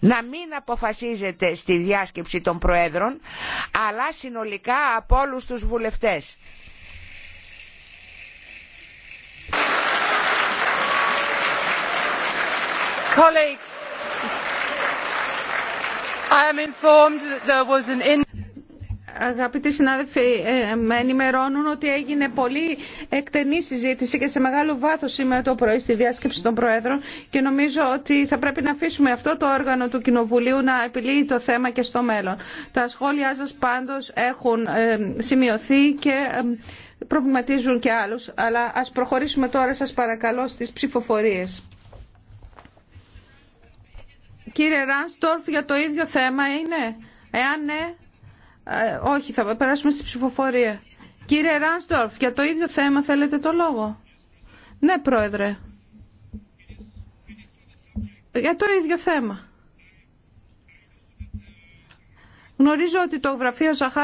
να μην αποφασίζεται στη διάσκεψη των Προέδρων, αλλά συνολικά από όλους τους βουλευτές. Colleagues, I am informed that there was an Αγαπητοί συνάδελφοι, ε, με ενημερώνουν ότι έγινε πολύ εκτενή συζήτηση και σε μεγάλο βάθο σήμερα το πρωί στη διάσκεψη των Προέδρων και νομίζω ότι θα πρέπει να αφήσουμε αυτό το όργανο του Κοινοβουλίου να επιλύει το θέμα και στο μέλλον. Τα σχόλιά σα πάντω έχουν ε, σημειωθεί και ε, προβληματίζουν και άλλου. Αλλά α προχωρήσουμε τώρα, σα παρακαλώ, στι ψηφοφορίε. Κύριε Ράνστορφ, για το ίδιο θέμα είναι. Εάν ναι, ε, όχι, θα περάσουμε στη ψηφοφορία. Κύριε Ράνστορφ, για το ίδιο θέμα θέλετε το λόγο. Ναι, Πρόεδρε. Για το ίδιο θέμα. Γνωρίζω ότι το γραφείο Ζαχάρη